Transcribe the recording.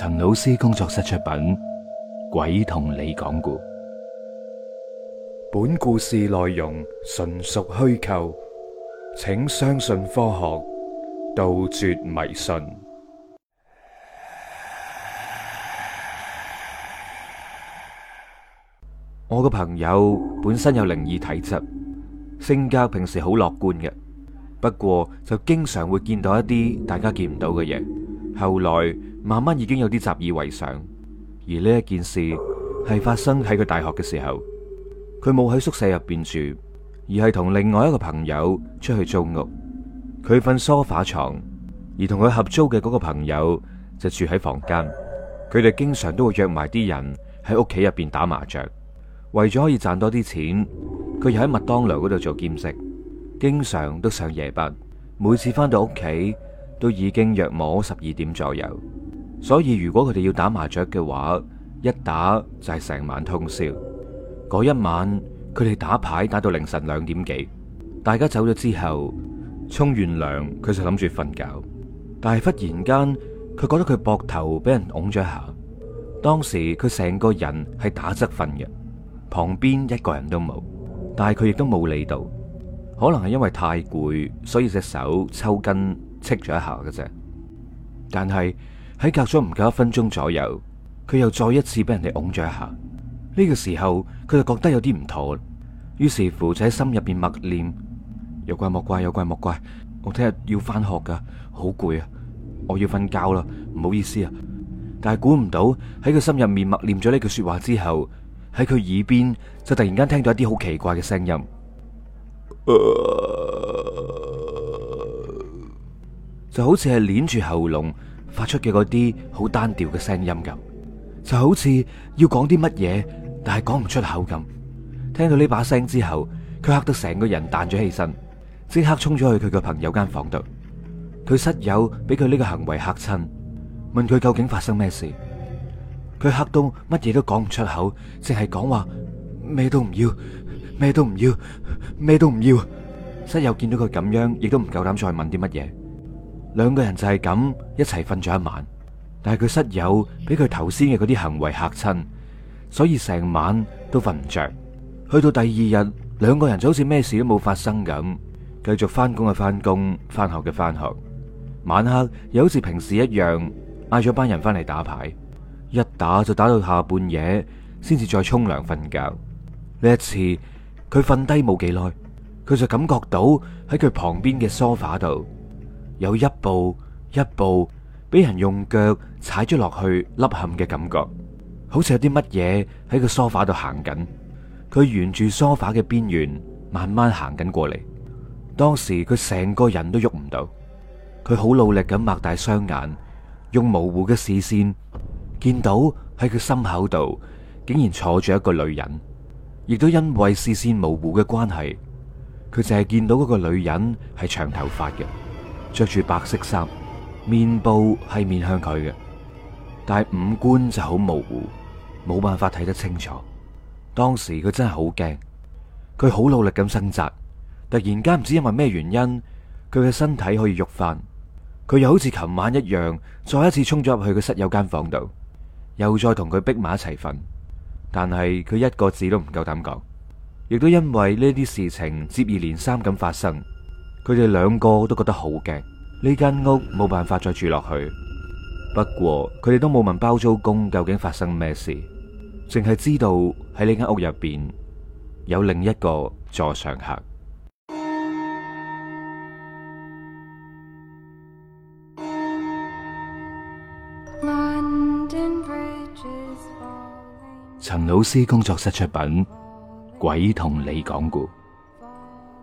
陳老師工作室出品《鬼同你講故》，本故事內容純屬虛構，請相信科學，杜絕迷信。我個朋友本身有靈異體質，性格平時好樂觀嘅，不過就經常會見到一啲大家見唔到嘅嘢。後來慢慢已經有啲習以為常，而呢一件事係發生喺佢大學嘅時候，佢冇喺宿舍入邊住，而係同另外一個朋友出去租屋，佢瞓梳化床，而同佢合租嘅嗰個朋友就住喺房間，佢哋經常都會約埋啲人喺屋企入邊打麻雀，為咗可以賺多啲錢，佢又喺麥當勞嗰度做兼職，經常都上夜班，每次翻到屋企。都已經約摸十二點左右，所以如果佢哋要打麻雀嘅話，一打就係成晚通宵。嗰一晚佢哋打牌打到凌晨兩點幾，大家走咗之後，沖完涼佢就諗住瞓覺，但係忽然間佢覺得佢膊頭俾人拱咗一下，當時佢成個人係打側瞓嘅，旁邊一個人都冇，但係佢亦都冇理到，可能係因為太攰，所以隻手抽筋。戚咗一下嘅啫，但係喺隔咗唔夠一分鐘左右，佢又再一次俾人哋拱咗一下。呢個時候，佢就覺得有啲唔妥，於是乎就喺心入邊默念：有怪莫怪，有怪莫怪。我聽日要翻學噶，好攰啊，我要瞓覺啦，唔好意思啊。但係估唔到喺佢心入面默念咗呢句說話之後，喺佢耳邊就突然間聽到一啲好奇怪嘅聲音。呃就好似係捏住喉嚨發出嘅嗰啲好單調嘅聲音咁，就好似要講啲乜嘢，但係講唔出口咁。聽到呢把聲之後，佢嚇到成個人彈咗起身，即刻衝咗去佢個朋友間房度。佢室友俾佢呢個行為嚇親，問佢究竟發生咩事，佢嚇到乜嘢都講唔出口，淨係講話咩都唔要，咩都唔要，咩都唔要。室友見到佢咁樣，亦都唔夠膽再問啲乜嘢。兩個人就係咁一齊瞓咗一晚，但係佢室友俾佢頭先嘅嗰啲行為嚇親，所以成晚都瞓唔着。去到第二日，兩個人就好似咩事都冇發生咁，繼續翻工嘅翻工，翻學嘅翻學。晚黑又好似平時一樣，嗌咗班人翻嚟打牌，一打就打到下半夜，先至再沖涼瞓覺。呢一次佢瞓低冇幾耐，佢就感覺到喺佢旁邊嘅梳化度。有一步一步俾人用腳踩咗落去凹陷嘅感覺，好似有啲乜嘢喺個梳化度行緊。佢沿住梳化嘅邊緣慢慢行緊過嚟。當時佢成個人都喐唔到，佢好努力咁擘大雙眼，用模糊嘅視線見到喺佢心口度竟然坐住一個女人。亦都因為視線模糊嘅關係，佢淨係見到嗰個女人係長頭髮嘅。着住白色衫，面部係面向佢嘅，但係五官就好模糊，冇辦法睇得清楚。當時佢真係好驚，佢好努力咁掙扎，突然間唔知因為咩原因，佢嘅身體可以喐翻。佢又好似琴晚一樣，再一次衝咗入去佢室友間房度，又再同佢逼埋一齊瞓，但係佢一個字都唔夠膽講，亦都因為呢啲事情接二連三咁發生。佢哋兩個都覺得好驚，呢間屋冇辦法再住落去。不過佢哋都冇問包租公究竟發生咩事，淨係知道喺呢間屋入邊有另一個座上客。陳老師工作室出品，鬼同你講故。